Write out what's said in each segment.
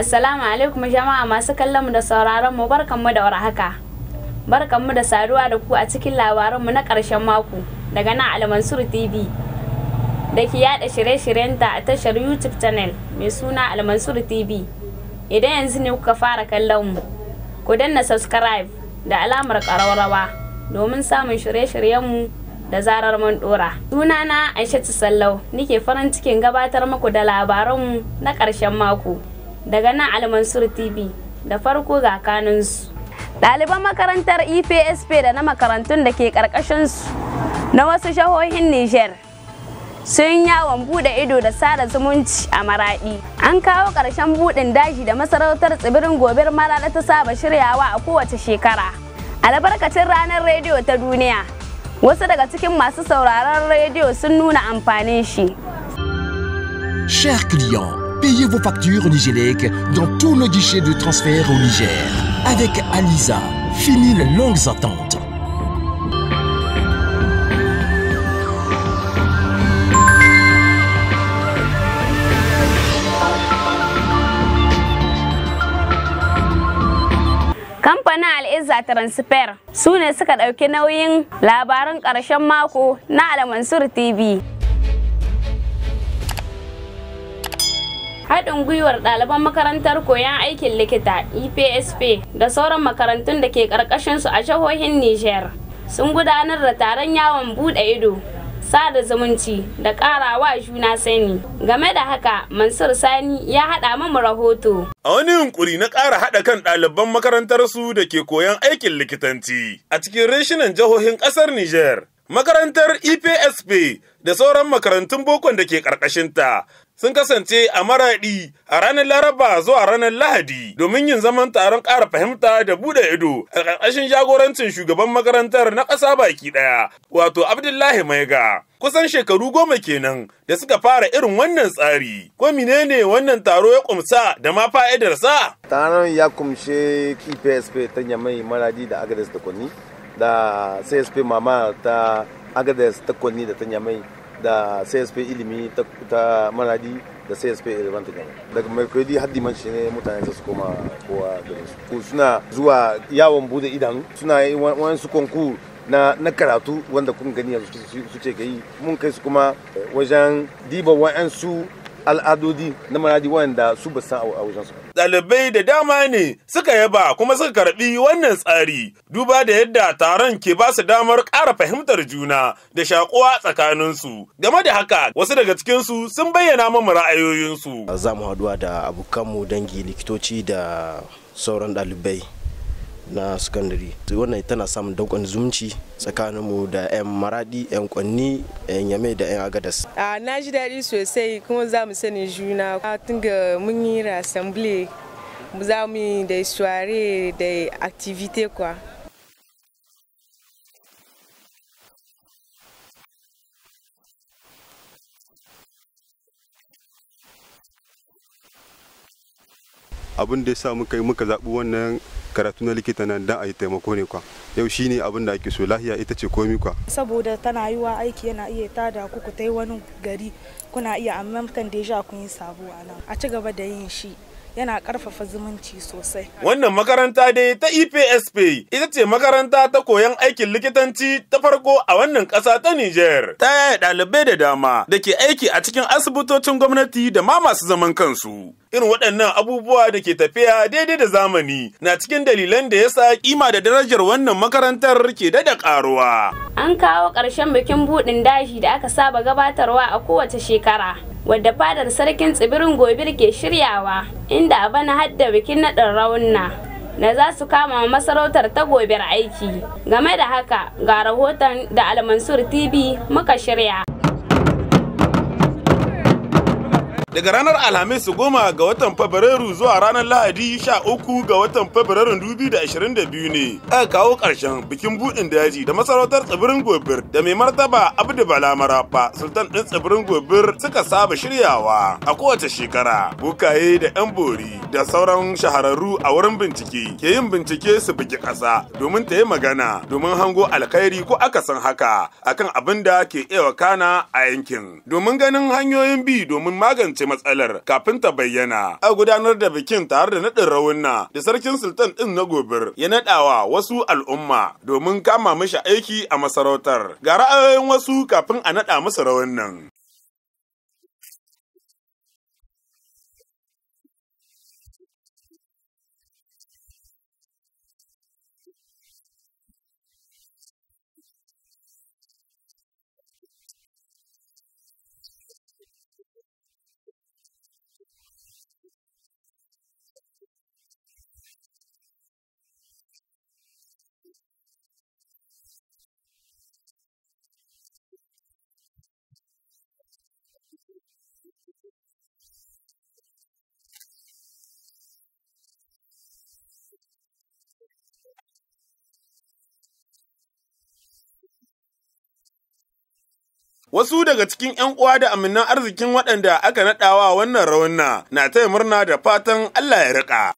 Assalamu alaikum jama'a masu kallon mu da sauraron mu barkanmu da warhaka. Barkanmu da saduwa da ku a cikin labaran mu na ƙarshen mako daga nan Almansur TV. Da ke yada shirye-shiryenta a tashar YouTube channel mai suna Almansur TV. Idan yanzu ne kuka fara kallon mu, ku danna subscribe da alamar ƙararrawa domin samun shirye-shiryenmu da zarar mun dora. na Aishatu Sallau, nike farin cikin gabatar muku da labaranmu na ƙarshen mako. daga nan almansur tv da farko ga kanunsu ɗaliban makarantar epsp da na makarantun da ke su na wasu shahohin niger sun yawon bude ido da sada zumunci a maraɗi an kawo ƙarshen buɗin daji da masarautar tsibirin gobir da ta saba shiryawa a kowace shekara albarkacin ranar rediyo ta duniya wasu daga cikin masu sauraron rediyo sun nuna amfanin shi Cher client, Payez vos factures Nigélec dans tous nos guichets de transfert au Niger. Avec Alisa, fini les longues attentes. Kamfanin Al'izza Transfer sune suka ɗauki nauyin labarin karshen mako na Almansur TV. haɗin gwiwar ɗaliban makarantar koyon aikin likita epsp da sauran makarantun da ke ƙarƙashinsu a jihohin niger sun gudanar da taron yawon buɗe ido sada zumunci da ƙarawa juna sani game da haka mansur sani ya haɗa mamu rahoto a wani yunkuri na ƙara haɗa kan ɗaliban makarantarsu da ke koyon aikin likitanci a cikin reshinan jihohin ƙasar niger makarantar EPSP da sauran makarantun bokon da ke ƙarƙashinta sun kasance a maraɗi a ranar Laraba zuwa ranar Lahadi domin yin zaman taron ƙara fahimta da buɗe ido a ƙarƙashin jagorancin shugaban makarantar na ƙasa baki ɗaya wato Abdullahi Maiga. Kusan shekaru goma kenan da suka fara irin wannan tsari. Ko menene wannan taro ya kumsa da ma fa'idarsa? Taron ya kumshe KPSP ta Nyamai Maradi da Agades da kwanni da CSP Mama ta Agades ta kwanni da ta Nyamai da csp ilimi ta maradi da csp ilimin ta daga mercredi har dimanshi ne mutane za su koma kowa garin su suna zuwa yawon bude idan. suna yi wani su konkur na, na karatu wanda kun gani yanzu su ce mun kai su kuma wajen diba wa'ansu al'adodi na maradi wanda su ba san a wajen su ɗalibai da dama ne suka yaba kuma suka karɓi wannan tsari duba da yadda taron ke ba su damar ƙara fahimtar juna da shakuwa tsakaninsu game da haka wasu daga cikinsu sun bayyana mamu ra'ayoyinsu za mu haɗuwa da abokanmu dangi likitoci da sauran ɗalibai na secondary wannan tana samun daukar zumunci tsakanin mu da 'yan maradi 'yan kwanni 'yan yame da 'yan agadas na ji daɗi sosai kuma za mu sani juna tun ga mun yi mu za mu yi da suware da activité kwa abin da ya sa muka yi muka zaɓi wannan karatu na likita nan dan a yi taimako ne kwa yau shine abin da ake so lahiya ita ce komi kwa saboda tana yiwa aiki yana iya tada ku ku tai wani gari kuna iya amma kan deja kun yi sabo a nan a ci gaba da yin shi yana ƙarfafa zumunci sosai. Wannan makaranta dai ta EPSP ita ce makaranta ta koyon aikin likitanci ta farko a wannan ƙasa ta Nijar. Ta yaya ɗalibai da dama da ke aiki a cikin asibitocin gwamnati da ma masu zaman kansu. irin waɗannan abubuwa da ke tafiya daidai da zamani na cikin dalilan da yasa kima da darajar wannan makarantar ke dada ƙaruwa. an kawo ƙarshen bikin buɗin daji da aka saba gabatarwa a kowace shekara wadda fadar sarkin tsibirin gobir ke shiryawa inda a bana hadda bikin naɗin raunna da za su kama masarautar ta gobir aiki game da haka ga rahoton da almansur tv muka shirya daga ranar alhamis goma ga watan fabrairu zuwa ranar lahadi sha uku ga watan fabrairun dubi da ashirin da biyu ne aka kawo ƙarshen bikin buɗin daji da masarautar tsibirin gobir da mai martaba abdu bala maraba sultan ɗin tsibirin gobir suka saba shiryawa a kowace shekara bukaye da yan bori da sauran shahararru a wurin bincike ke yin bincike su bugi ƙasa domin ta yi magana domin hango alkhairi ko akasin haka akan abin da ke iya wakana a yankin domin ganin hanyoyin bi domin magance magance matsalar kafin ta bayyana. A gudanar da bikin tare da naɗin rawunna da sarkin sultan ɗin na gobir ya naɗawa wasu al'umma domin kama mishi aiki a masarautar. Ga ra'ayoyin wasu kafin a naɗa masa rawunnan. Wasu daga cikin 'yan uwa da aminan arzikin waɗanda aka naɗawa wannan rawanna na taya murna da fatan Allah ya riƙa.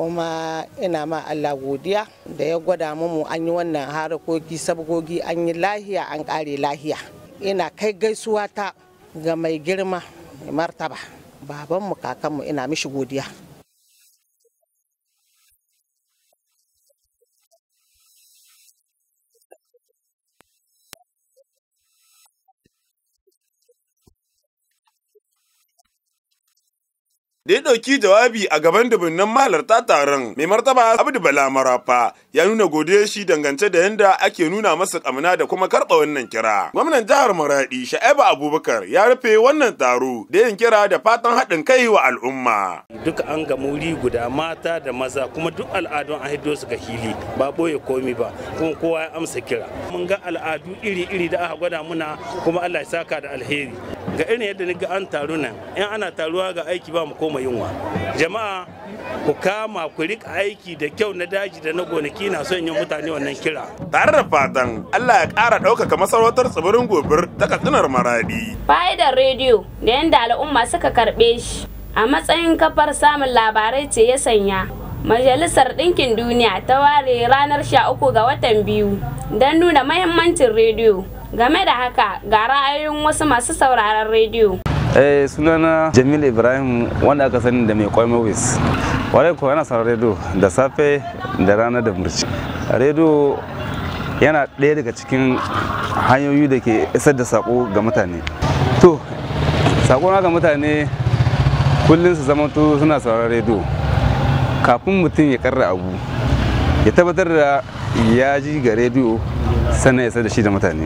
kuma ina ma Allah godiya da ya gwada mu an yi wannan harakoki sabgogi an yi lahiya an kare lahiya ina kai gaisuwa ta ga mai girma martaba babanmu kakanmu ina mishi godiya da ya ɗauki jawabi a gaban dubunnan mahalarta taron mai martaba abdu bala marafa ya nuna godiya shi dangance da yadda ake nuna masa kamna da kuma karɓa wannan kira gwamnan jihar maradi sha'aba abubakar ya rufe wannan taro da yin kira da fatan haɗin kai wa al'umma duk an ga muri guda mata da maza kuma duk al'adun an hiddo su ga hili ba boye komi ba kuma kowa ya amsa kira mun ga al'adu iri-iri da aka gwada muna kuma allah ya saka da alheri ga irin yadda ni ga an taru nan in ana taruwa ga aiki ba mu koma yunwa jama'a ku kama ku rika aiki da kyau na daji da na gonaki na son yin mutane wannan kira tare da fatan Allah ya kara ɗaukaka masarautar tsibirin gobir ta katsinar maradi fa'idar rediyo da yadda al'umma suka karɓe shi a matsayin kafar samun labarai ce ya sanya majalisar ɗinkin duniya ta ware ranar 13 ga watan biyu don nuna mahimmancin rediyo game da haka ga ra'ayoyin wasu masu sauraron rediyo eh sunana jamil ibrahim wanda aka sani da mai kwai mawis wadai ko yana sauraron redo da safe da rana da murci redo yana ɗaya daga cikin hanyoyi da ke isar da sako ga mutane to sako na ga mutane kullum su zamanto suna sauran redo kafin mutum ya karra abu ya tabbatar da ya ji ga rediyo sannan ya da shi da mutane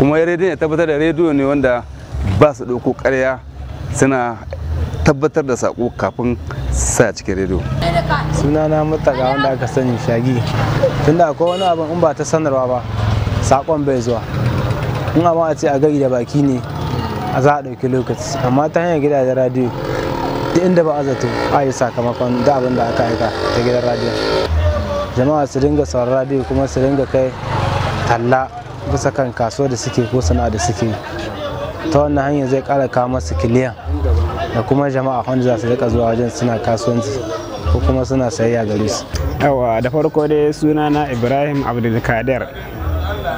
kuma ya rediyo ya tabbatar da rediyo ne wanda ba su ɗauko ƙarya suna tabbatar da sako kafin sa cikin rediyo sunana mutaga wanda aka sani shagi tunda akwai wani abin in ba ta sanarwa ba sakon bai zuwa in amma a ce a gari da baki ne a za a ɗauki lokaci amma ta hanyar gidajen radiyo duk inda ba a zato a yi sakamakon da abin da aka aika ta gidan radiyo jama'a su dinga sauran radiyo kuma su dinga kai talla bisa kan kasuwa da suke ko sana'a da suke ta wannan hanyar zai kara kawo masu kiliyan da kuma jama'a wanda za su rika zuwa wajen suna kasuwanci ko kuma suna sayayya gare su yawa da farko dai suna na ibrahim abdulkadir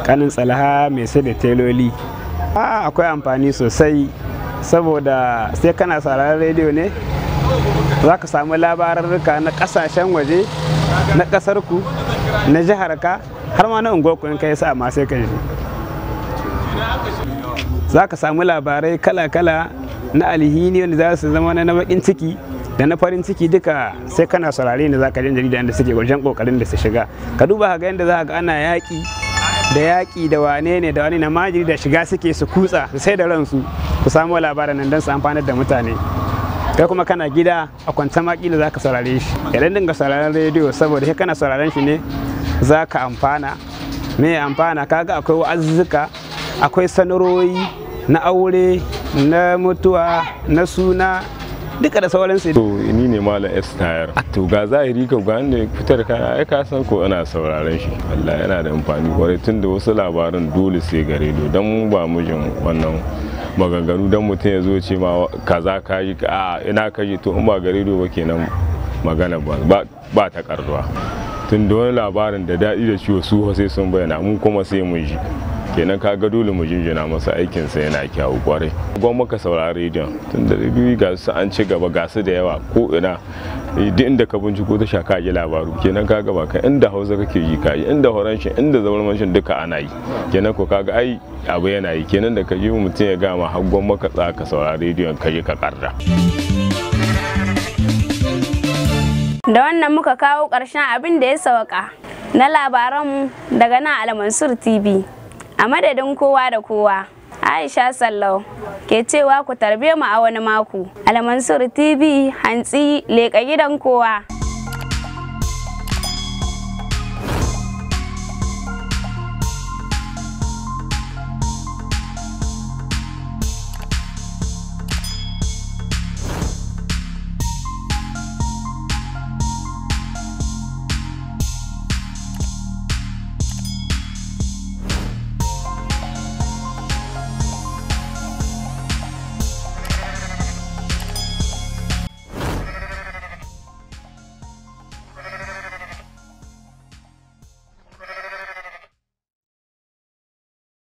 kanin tsalaha mai sai da teloli a akwai amfani sosai saboda sai kana sauraron rediyo ne za ka samu labararruka na kasashen waje na ku na jiharka har ma na unguwarku in kai sa ma sai ka ji za ka samu labarai kala-kala na alhini wanda za su zama na bakin ciki da na farin ciki duka sai kana saurare da za ka jin jarida da suke wajen kokarin da su shiga ka duba ga yadda za ga ana yaƙi da yaƙi da wane ne da wane na majiri da shiga suke su kutsa su sai da ransu ku samu labaran nan don su amfanar da mutane kai kuma kana gida a kwance makila za ka saurare shi idan dinga sauraren rediyo saboda sai kana sauraren shi ne za ka amfana me amfana kaga akwai wa'azzuka akwai sanarori na aure na mutuwa na suna duka da sauransu to ni ne malam estayar to ga zahiri ka ga ne fitar ka ai ka san ko ana sauraron shi Allah yana da amfani kwarai tunda wasu labarin dole sai gare do dan mu ba mijin wannan maganganu dan mutum ya zo ce ma kaza ka yi a ina ka yi to in ba gare do ba kenan magana ba ba ta karduwa tunda wani labarin da daɗi da ciwo su sai sun bayyana mun kuma sai mun ji kenan ka ga dole mu jinjina masa aikinsa yana kyawu kwarai gwamnati muka saurari rediyon tun da biyu ga su an ci gaba ga su da yawa ko ina duk inda ka binciko ta shaka ji labaru kenan ka gaba ka inda hausa kake yi ka yi inda horanshi inda zaurmanshin duka ana yi kenan ko kaga ai abu yana yi kenan da ka ji mutum ya gama har maka tsaka ka saurari rediyon ka yi ka karra. da wannan muka kawo ƙarshen abin da ya sauka na labaranmu daga nan almansur tv a madadin kowa da kowa aisha sallau ke cewa ku tarbe mu a wani mako almansur tv hantsi leƙa gidan kowa